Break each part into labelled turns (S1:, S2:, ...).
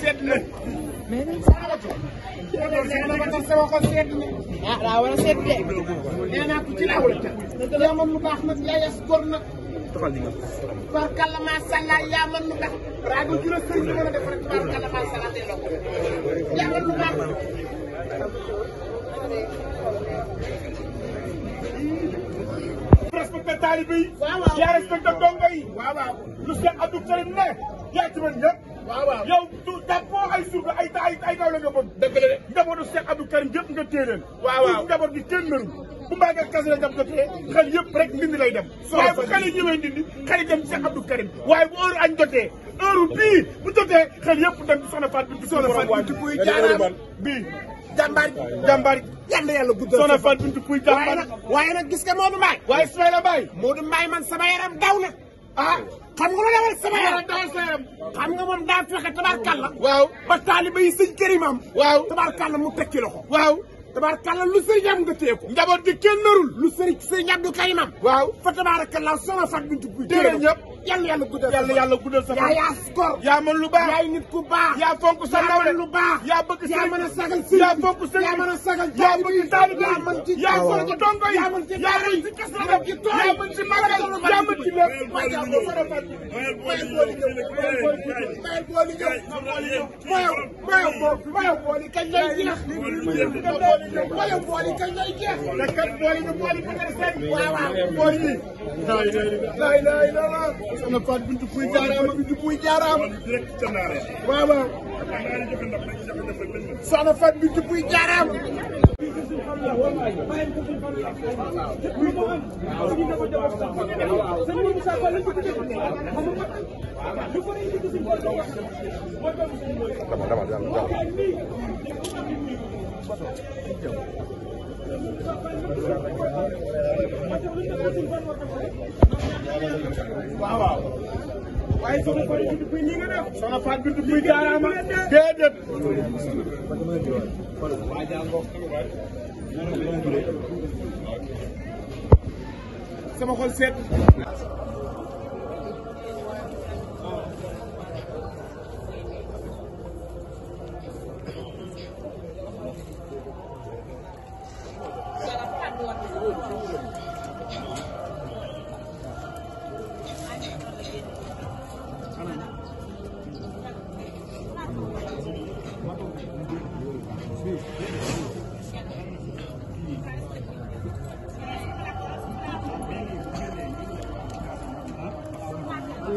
S1: seet na sama oto sama oto sama ko seet na ah daa war a seet de nee naa ko ci laa war a teg yaa man lu baax nag yaa yas góor nag tubaarkalla maa sha Allah yaa man lu baax rajo ju la sëriñ mën a def rek tubaarkalla maa sha Allah delloo ko yaa man lu baax respecté taalibe yi yaa respecté dongo yi lu seen Abdou Karim ne yaa ci man ñëpp waaw waaw yow du dàppoo ay suuf ay ay ay kaw la nga bëgg. dëgg la de njabootu Cheikh Abdou Karim yëpp nga téye leen. waaw waaw njaboot gi kenn mënu bu mbaagee kase la jam ko téye xel yëpp rek ndindi lay dem. waaye bu xale ñëwee ndindi xale dem Cheikh Abdou Karim waaye bu heure añ jotee heure bii bu jotee xel yëpp dem soxna Faat bi. soxna Faat bi kuy jaaraam bii. jàmbaar jàmbaar yàlla yàlla guddal soxna Faat bi kuy jàmbaar waaye nag gis nga Modou Mbaye waaye Ismaïla Mbaye Modou Mbaye man sama yaram daw na a ah, xam nga ma dawal sama yaram dawal sama yaram xam nga moom daa fexe tabaarkàlla waaw ba taaliba yi sëñ kërimam waaw tabaarkàlla mu tekki loxo waaw tabaarkàlla lu sëriñ am nga téye ko njaboot di kenn narul lu sëriñ sëriñ Abdou Karimam waaw fa tabaarkàlla sama fat bintu guy jërë ñëpp yàlla yàlla guddal yàlla yàlla guddal sa yaa yaa skor yaa mën lu baax yaay nit ku baax yaa fonk sa yaa mën lu baax yaa bëgg sëriñ yaa mën a sagal sëriñ yaa fonk sëriñ yaa mën a sagal yaa bëgg taaliba yaa mën ko dongo yi yaa mën ci yaa ci tooy yaa mën ci màggal yaa mën ci lépp ma jàpp fara ma mayal booli ñëw mayal mayal mayal booli kañ lay jeex mayal booli kañ lay jeex la kat booli ñu booli bu ne seen waaw waaw booli yi lay lay la sama fat bintu kuy jaaraam bintu kuy jaaraam waaw waaw soxna fat bintu kuy jaaraam waaw waaw waaye soxna Fatou Binetou Pouye nii nga def soxna Fatou Binetou Pouye jaaraama déedéet sama xol seet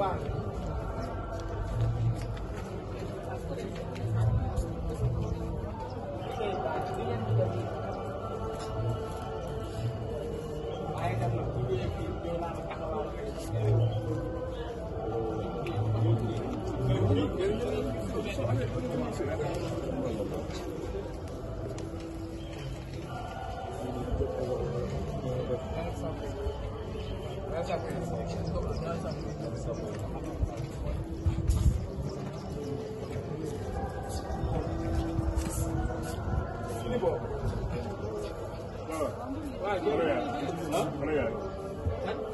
S1: baax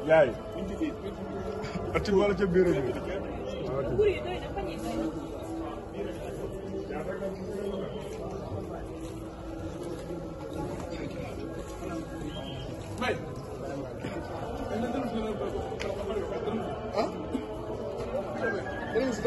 S1: yaay ati wala ca biir bi may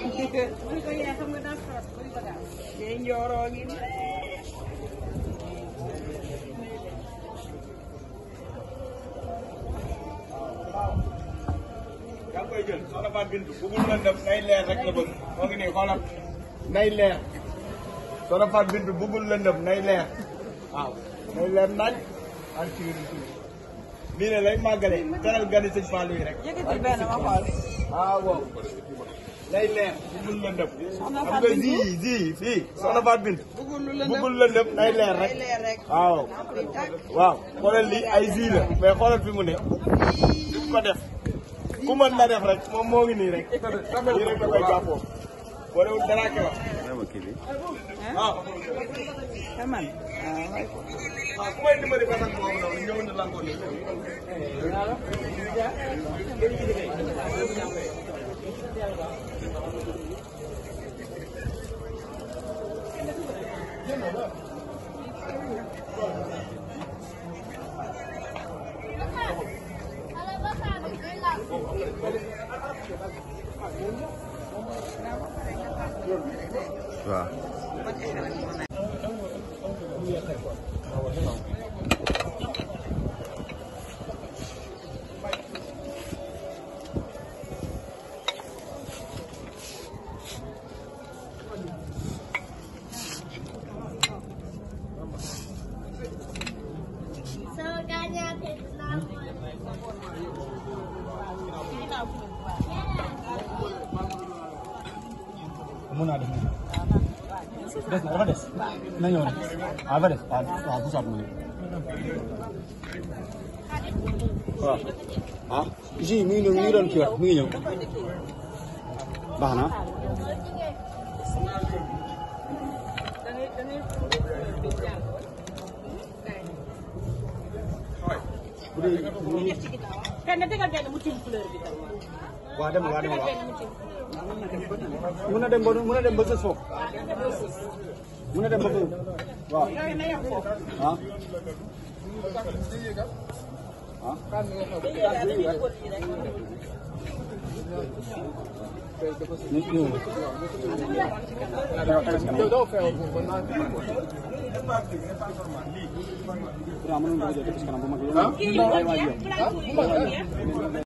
S1: buñ ko yee xam ngi yaa ngi koy jël soxna lëndëm nay leer rek la bëgg moo ngi nii xoolal nay leer soxna Fatou Bintou bu lëndëm nay leer naaj ak ci lii ne lay màggale teral gani sëñ Fallou yi rek. yëkkati day leer bëggul lëndëm xam nga zi zi leer rek waaw waaw xoolal lii ay zi la mais xoolal fi mu ne di ko def ku mën na def rek moom ngi nii rek lii rek da ah, ah, ku may dimbali ba waaw mën naa def des na dafa des na ñëw rek waaw dafa des waaw waaw bu saabu waaw ah ji mi ngi ñëw mi ngi doon kii wax mi ngi ñëw baax na bu dee kenn dëggal benn mu tiim fleur bi waaw dem waaw dem waaw mën dem ba mën na dem ba sës foofu mën na dem ba waaw ah nit ñi waaw mën nañu ko jël ci kanam bu mag